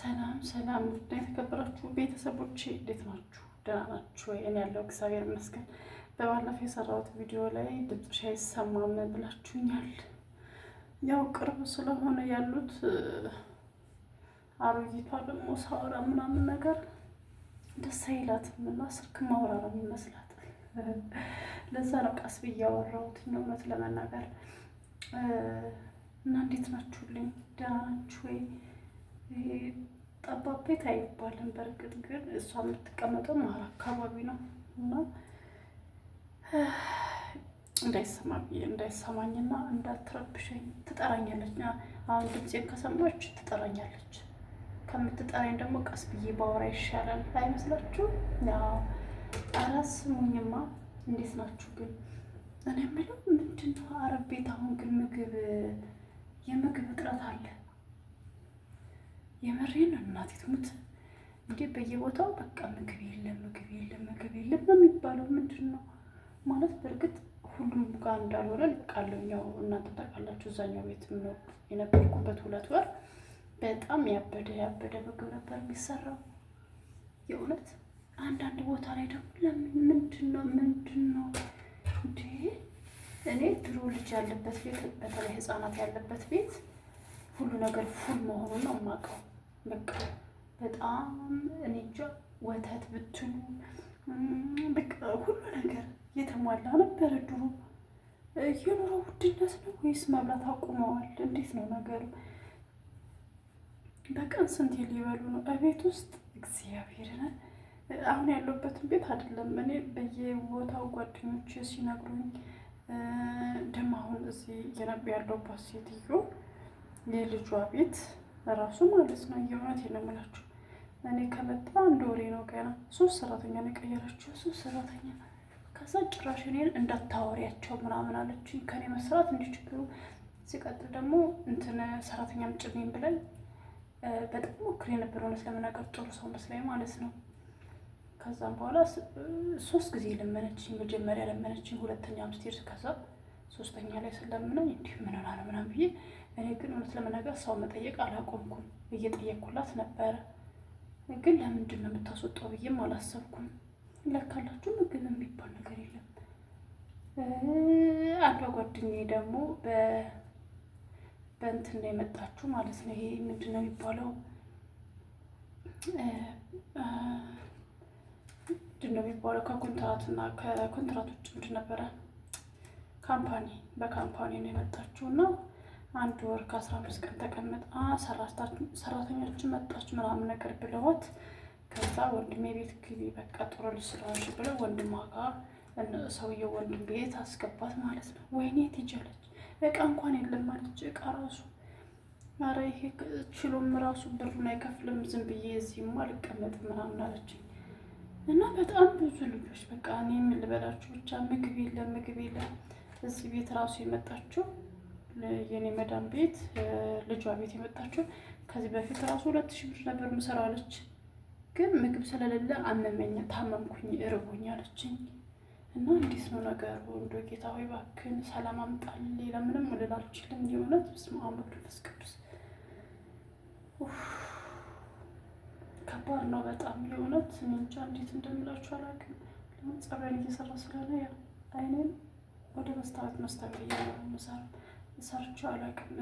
ሰላም ሰላም፣ ውድ የተከበራችሁ ቤተሰቦቼ እንዴት ናችሁ? ደህና ናችሁ እኔ ያለው እግዚአብሔር ይመስገን። በባለፈው የሰራሁት ቪዲዮ ላይ ድምፅሽ አይሰማም ብላችሁኛል። ያው ቅርብ ስለሆነ ያሉት አሮጊቷ ደግሞ ሳወራ ምናምን ነገር ደስ አይላትም እና ስልክ ማውራራም ይመስላታል። ለዛ ነው ቀስ ብዬ ያወራሁት እውነት ለመናገር እና እንዴት ናችሁልኝ? ደህና ናችሁ ወይ? ጠባብ ቤት አይባልም። በእርግጥ ግን እሷ የምትቀመጠው መሀል አካባቢ ነው እና እንዳይሰማኝና እንዳትረብሸኝ ትጠራኛለች። አሁን ድምፄን ከሰማች ትጠራኛለች። ከምትጠራኝ ደግሞ ቀስ ብዬ ባወራ ይሻላል አይመስላችሁ? አራስ ስሙኝማ እንዴት ናችሁ? ግን እኔ የምለው ምንድን ነው አረብ ቤት አሁን ግን ምግብ የምግብ እጥረት አለ። የምሬን እናቴ ትሙት እንዴ! በየቦታው በቃ ምግብ የለም ምግብ የለም ምግብ የለም የሚባለው ምንድን ነው ማለት? በእርግጥ ሁሉም ጋር እንዳልሆነ ልቃለሁ። እኛው እናንተ ታውቃላችሁ፣ እዛኛው ቤት የነበርኩበት ሁለት ወር በጣም ያበደ ያበደ ምግብ ነበር የሚሰራው የእውነት። አንዳንድ ቦታ ላይ ደግሞ ለምን ምንድን ነው ምንድን ነው እንዴ! እኔ ድሮ ልጅ ያለበት ቤት፣ በተለይ ህፃናት ያለበት ቤት ሁሉ ነገር ፉል መሆኑን ነው የማውቀው። በቃ በጣም እኔ እንጃ ወተት ብትሉ በቃ ሁሉ ነገር እየተሟላ ነበረ ድሮ። የኑሮ ውድነት ነው ወይስ መብላት አቁመዋል? እንዴት ነው ነገሩ? በቀን ስንት ሊበሉ ነው እቤት ውስጥ? እግዚአብሔርን አሁን ያለበትን ቤት አይደለም እኔ በየቦታው ጓደኞች ሲነግሩኝ ደግሞ አሁን እዚህ ያለሁባት ሴትዮ የልጇ ቤት ራሱ ማለት ነው። እየእውነት የለምላችሁ እኔ ከመጣ አንድ ወሬ ነው ገና። ሶስት ሰራተኛ ነው የቀየረችው። ሶስት ሰራተኛ ከዛ ጭራሽ እኔን እንዳታወሪያቸው ምናምን አለችኝ። ከኔ መስራት እንዲችግሩ ሲቀጥል ደግሞ እንትን ሰራተኛ ምጭልኝ ብለን በጣም ሞክር የነበረ እውነት ለመናገር ጥሩ ሰው መስላኝ ማለት ነው። ከዛም በኋላ ሶስት ጊዜ ለመነችኝ። መጀመሪያ ለመነችኝ፣ ሁለተኛ አምስቴር፣ ከዛ ሶስተኛ ላይ ስለምነኝ እንዲህ ምን ሆና ምናምን ብዬ እኔ ግን እውነት ለመናገር ሰው መጠየቅ አላቆምኩም። እየጠየቅኩላት ነበረ፣ ግን ለምንድን ነው የምታስወጣው ብዬም አላሰብኩም። ለካላችሁ ምግብ የሚባል ነገር የለም። አንዷ ጓደኛዬ ደግሞ በእንትን ነው የመጣችሁ ማለት ነው። ይሄ ምንድን ነው የሚባለው? ምንድን ነው የሚባለው? ከኮንትራትና ከኮንትራት ውጭ ምንድን ነበረ? ካምፓኒ፣ በካምፓኒ ነው የመጣችሁ ነው አንድ ወር ከአስራ አምስት ቀን ተቀምጣ ሰራተኞችን መጣች ምናምን ነገር ብለዋት ከዛ ወንድሜ ቤት ግቢ በቃ ጥሩ ልስራሽ ብለ ወንድሟ ጋር ሰውየው ወንድም ቤት አስገባት ማለት ነው። ወይኔ ትጀለች እቃ እንኳን የለም ማለች እቃ ራሱ ኧረ ይሄ ችሎም ራሱ ብሩን አይከፍልም ዝም ብዬ እዚህማ አልቀመጥም ምናምን አለችኝ። እና በጣም ብዙ ልጆች በቃ እኔ የምልበላችሁ ብቻ ምግብ የለም ምግብ የለም እዚህ ቤት ራሱ የመጣችው የኔ መዳም ቤት ልጇ ቤት የመጣችው ከዚህ በፊት ራሱ ሁለት ሺህ ብር ነበር ምሰራ አለች። ግን ምግብ ስለሌለ አመመኝ፣ ታመምኩኝ፣ እርቦኝ አለችኝ። እና እንዴት ነው ነገር ወንዶ ጌታ ሆይ እባክህን ሰላም አምጣል። ሌላ ምንም ልል አልችልም። የእውነት በስመ አብ ወወልድ ቅዱስ ከባድ ነው በጣም የእውነት እንጃ እንዴት እንደምላችሁ አላውቅም። ለምን ጸበል እየሰራ ስለሆነ አይኔን ወደ መስታወት መስታወት እያለ ነው ሰርቼ አላውቅም።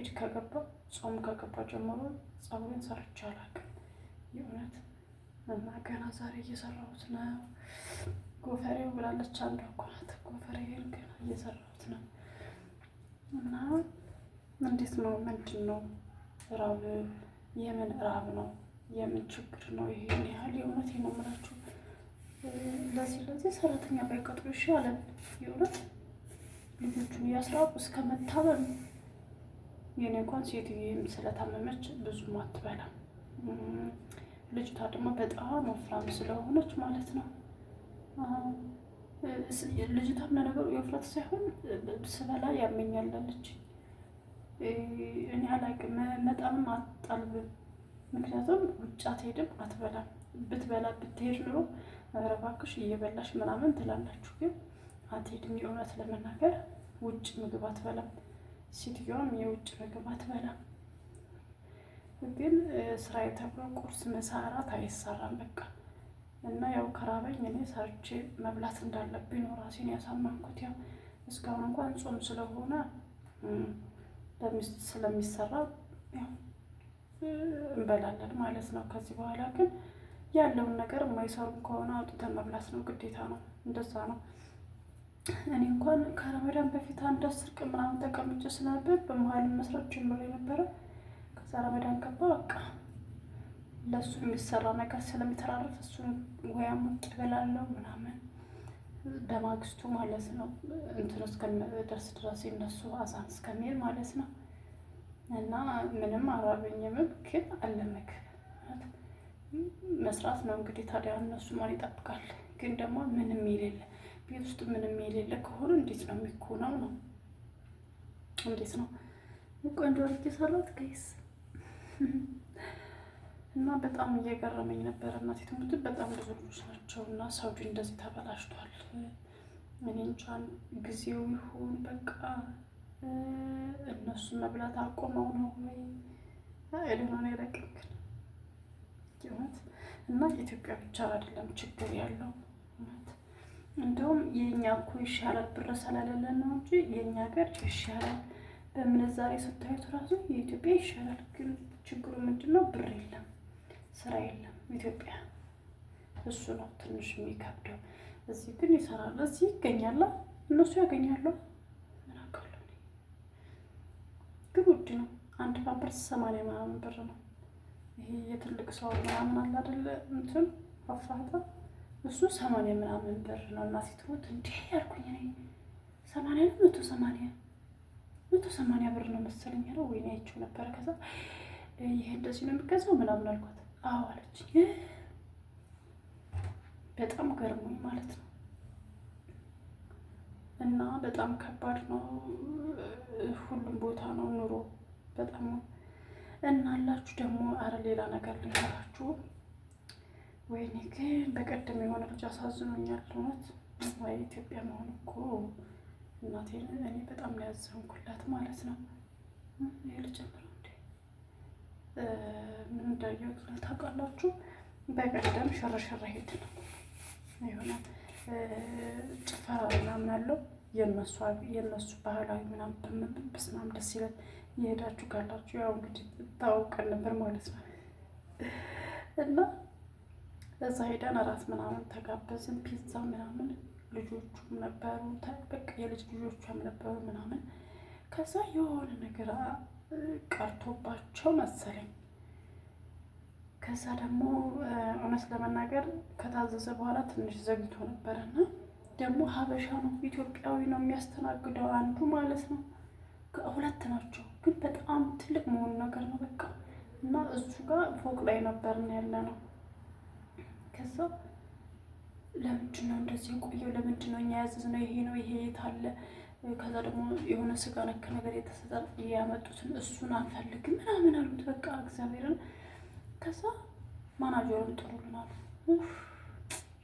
ኢድ ከገባ ጾም ከገባ ጀምሮ ፀጉሬን ሰርቼ አላውቅም። የእውነት መናገና ዛሬ እየሰራሁት ነው። ጎፈሬው ብላለች አንዷ እኮ ናት። ጎፈሬን ገና እየሰራሁት ነው እና እንዴት ነው? ምንድን ነው ራብ? የምን ራብ ነው? የምን ችግር ነው? ይሄን ያህል የእውነት ነው የምላችሁ። ለዚህ ለዚህ ሰራተኛ ባይቀጥሩ ይሻላል የእውነት ልጆቹን እያስራቁ እስከ መታመም የኔ እንኳን ሴትዬም ስለታመመች ብዙም አትበላ ልጅቷ ደግሞ በጣም ወፍራም ስለሆነች ማለት ነው። ልጅቷም ለነገሩ የውፍረት ሳይሆን ስበላ ያመኛላለች። እኔ አላውቅም፣ መጠንም አጣልብም። ምክንያቱም ውጭ አትሄድም፣ አትበላም። ብትበላ ብትሄድ ኑሮ እባክሽ እየበላሽ ምናምን ትላላችሁ ግን አትሄድም። የእውነት ለመናገር ውጭ ምግብ አትበላም። ሴትዮዋም የውጭ ምግብ አትበላም። ግን ስራ የተብሎ ቁርስ፣ ምሳ፣ እራት አይሰራም በቃ እና ያው ከራበኝ እኔ ሰርቼ መብላት እንዳለብኝ ነው ራሴን ያሳመንኩት። ያው እስካሁን እንኳን ጾም ስለሆነ ስለሚሰራ እንበላለን ማለት ነው። ከዚህ በኋላ ግን ያለውን ነገር የማይሰሩ ከሆነ አውጥተን መብላት ነው ግዴታ ነው። እንደዛ ነው። እኔ እንኳን ከረመዳን በፊት አንድ አስር ቀን ምናምን ተቀምጬ ስለነበር በመሀል መስራት ጀምሮ የነበረ ከዛ ረመዳን ገባ። በቃ ለእሱ የሚሰራ ነገር ስለሚተራረፍ እሱን ወያ ሙቅ ይበላለው ምናምን በማግስቱ ማለት ነው እንትን እስከሚደርስ ድረስ እነሱ አዛን እስከሚል ማለት ነው። እና ምንም አራበኝምም፣ ግን አለ መስራት ነው እንግዲህ ታዲያ እነሱ ማን ይጠብቃል? ግን ደግሞ ምንም የሌለ ቤት ውስጥ ምንም የሌለ ከሆነ እንዴት ነው የሚኮነው? ነው እንዴት ነው ቆንጆ አድርጌ ሰራት ከይስ እና በጣም እየገረመኝ ነበረ። እናቴ ትምህርት በጣም ብዙ ናቸው እና ሳውዲ እንደዚህ ተበላሽቷል። እኔ እንጃን ጊዜው ይሁን በቃ እነሱ መብላት አቆመው ነው ወይ ኤሌኖን ያለቅክል እና ኢትዮጵያ ብቻ አይደለም ችግር ያለው እውነት እንደውም የእኛ እኮ ይሻላል ብር ስላሌለ ነው እንጂ የእኛ ሀገር ይሻላል። በምንዛሬ ስታዩት ራሱ የኢትዮጵያ ይሻላል። ግን ችግሩ ምንድን ነው? ብር የለም፣ ስራ የለም ኢትዮጵያ። እሱ ነው ትንሽ የሚከብደው። እዚህ ግን ይሰራል። እዚህ ይገኛል፣ እነሱ ያገኛሉ። ምናቃለሁ ግን ውድ ነው። አንድ ፓምፐር ሰማንያ ምናምን ብር ነው። ይሄ የትልቅ ሰው ምናምን አለ አይደለ እንትን አፋታ እሱ ሰማንያ ምናምን ብር ነው እና ሲትሞት እንዲህ ያልኩኝ እኔ ሰማንያ ነው መቶ ሰማንያ መቶ ሰማንያ ብር ነው መሰለኝ ያለው ወይኔ ያቸው ነበረ። ከዛ ይህ እንደዚህ ነው የሚገዛው ምናምን አልኳት። አዎ አለች። በጣም ገርሞኝ ማለት ነው። እና በጣም ከባድ ነው። ሁሉም ቦታ ነው ኑሮ በጣም እና አላችሁ ደግሞ አረ ሌላ ነገር ልንገራችሁ ወይኔ ግን በቀደም የሆነ ልጅ አሳዝኖኛል። እውነት ወይ ኢትዮጵያ መሆን እኮ እናቴን እኔ በጣም ያዘንኩላት ማለት ነው። ይህ ልጀምረ እንዴ ምን እንዳየው ታውቃላችሁ? በቀደም ሽርሽር ሄድን የሆነ ጭፈራ ምናምን አለው የነሱ ባህላዊ ምናምን በስማም ደስ ይላል። የሄዳችሁ ካላችሁ ያው እንግዲህ ታውቀን ነበር ማለት ነው እና እዛ ሄደን እራት ምናምን ተጋበዝን። ፒዛ ምናምን ልጆቹም ነበሩ፣ በቃ የልጅ ልጆቿም ነበሩ ምናምን። ከዛ የሆነ ነገር ቀርቶባቸው መሰለኝ። ከዛ ደግሞ እውነት ለመናገር ከታዘዘ በኋላ ትንሽ ዘግቶ ነበረ እና ደግሞ ሀበሻ ነው ኢትዮጵያዊ ነው የሚያስተናግደው አንዱ ማለት ነው። ሁለት ናቸው ግን በጣም ትልቅ መሆኑ ነገር ነው በቃ እና እሱ ጋር ፎቅ ላይ ነበርን ያለ ነው ከዛ ለምንድን ነው እንደዚህ የቆየው? ለምንድን ነው እኛ ያዘዝ ነው ይሄ ነው ይሄ የት አለ? ከዛ ደግሞ የሆነ ስጋ ነክ ነገር የተሰጠ ያመጡትን እሱን አንፈልግም ምናምን አሉት። በቃ እግዚአብሔርን ከዛ ማናጀሩን ጥሩልን አሉ።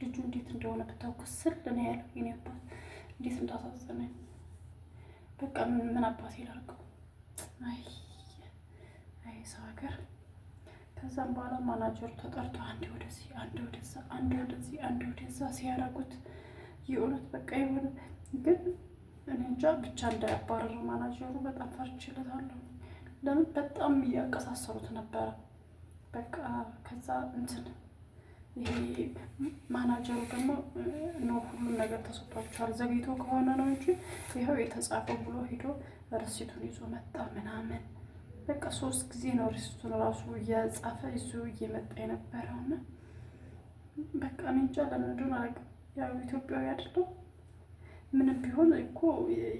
ልጁ እንዴት እንደሆነ ብታውቁ ስል ነ ያለው የኔ አባት እንዴት እንዳሳዘነኝ በቃ ምን አባት ይላርገው። አይ አይ ሰው ሀገር ከዛም በኋላ ማናጀሩ ተጠርቶ አንድ ወደዚህ አንድ ወደዛ አንድ ወደዚህ አንድ ወደዛ ሲያደርጉት የእውነት በቃ የሆነ ግን እኔ እንጃ ብቻ እንዳያባረሩ ማናጀሩ በጣም ፈርቼለታለሁ። ለምን በጣም እያቀሳሰሩት ነበረ። በቃ ከዛ እንትን ይሄ ማናጀሩ ደግሞ ነው ሁሉም ነገር ተሰጥቷቸዋል። ዘግይቶ ከሆነ ነው እንጂ ይኸው የተጻፈው ብሎ ሄዶ ረሲቱን ይዞ መጣ ምናምን በቃ ሶስት ጊዜ ነው ሪስቱን ራሱ እያጻፈ ይዞ እየመጣ የነበረው እና በቃ እኔ እንጃ ለምን እንደሆነ ያው ኢትዮጵያዊ አይደለም ምንም ቢሆን እኮ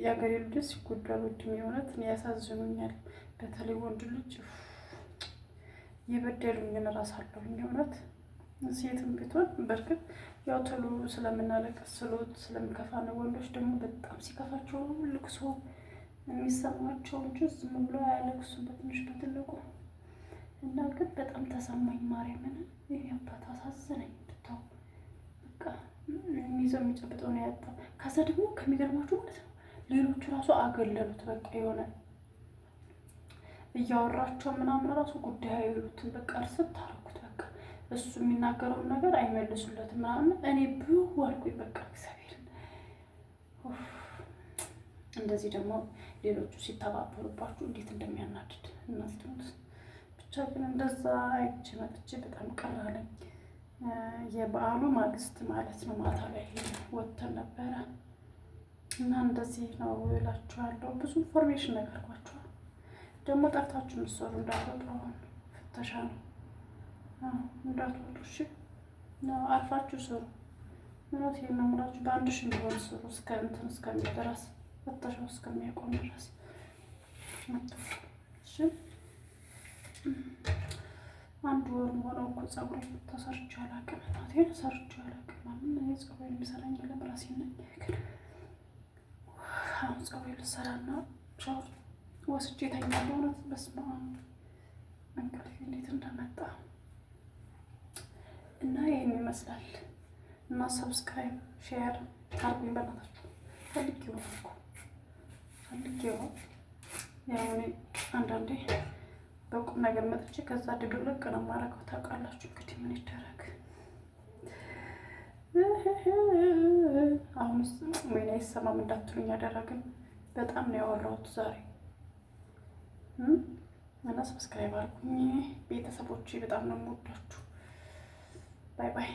የአገሬ ልጆች ሲጎዳሉ ወድም የእውነት እኔ ያሳዝኑኛል። በተለይ ወንድ ልጅ የበደሉኝን እራሳለሁኝ የእውነት ሴትም ብትሆን በእርግጥ ያው ቶሎ ስለምናለቀስ ስሎት ስለሚከፋ ነው። ወንዶች ደግሞ በጣም ሲከፋቸው ልቅሶ የሚሰማቸው እንጂ ዝም ብሎ ያለቅሱ በትንሽ በትልቁ። እና ግን በጣም ተሰማኝ ማርያምን ይህ አባት አሳዘነኝ። ብታው በቃ የሚይዘው የሚጨብጠው ነው ያጣ። ከዛ ደግሞ ከሚገርማችሁ ማለት ነው ሌሎቹ ራሱ አገለሉት። በቃ የሆነ እያወራቸው ምናምን ራሱ ጉዳይ አይሉትም። በቃ እርስብ ታረኩት። በቃ እሱ የሚናገረውን ነገር አይመልሱለትም ምናምን። እኔ ብዋልኩኝ በቃ እግዚአብሔርን እንደዚህ ደግሞ ሌሎቹ ሲተባበሩባችሁ እንዴት እንደሚያናድድ እናስታውስ። ብቻ ግን እንደዛ አይቼ መጥቼ በጣም ቀራለኝ። የበዓሉ ማግስት ማለት ነው። ማታ ላይ ወጥተን ነበረ እና እንደዚህ ነው እላችኋለሁ። ብዙ ኢንፎርሜሽን ነገርኳችኋል። ደግሞ ጠርታችሁ የምትሰሩ እንዳትወጡ፣ አሁን ፍተሻ ነው እንዳትወጡ። እሺ አርፋችሁ ስሩ። ምኖት ነው የመሙላችሁ በአንድ ሺ የሚሆን ስሩ እስከ እንትን እስከሚደረስ ፍተሻው እስከሚያቆም ድረስ አንድ ወር ሆነው እኮ ፀጉሬን ተሰርቼ አላውቅም፣ እናቴን ሰርቼ አላውቅም። ማንም እኔ ፀጉሬ የሚሰራኝ የለም ራሴ ነኝ። ግን አሁን ፀጉሬ ልሰራና ሻወር ወስጄ ተኛለሁ። እውነት በስመ አብ እንቅልፌ እንዴት እንደመጣ እና ይህን ይመስላል እና ሰብስክራይብ ሼር አርጉኝ በእናታችሁ ፈልጌ ሆነ እኮ ፈልጌው ነው። አንዳንዴ በቁም ነገር መጥቼ ከዛ ድብልቅ ነው ማረገው። ታውቃላችሁ እንግዲህ ምን ይደረግ። አሁንስ ወይኔ አይሰማም እንዳትሉኝ ያደረግን በጣም ነው ያወራሁት ዛሬ እና ሰብስክራይብ አድርጉኝ ቤተሰቦቼ፣ በጣም ነው የምወዳችሁ። ባይ ባይ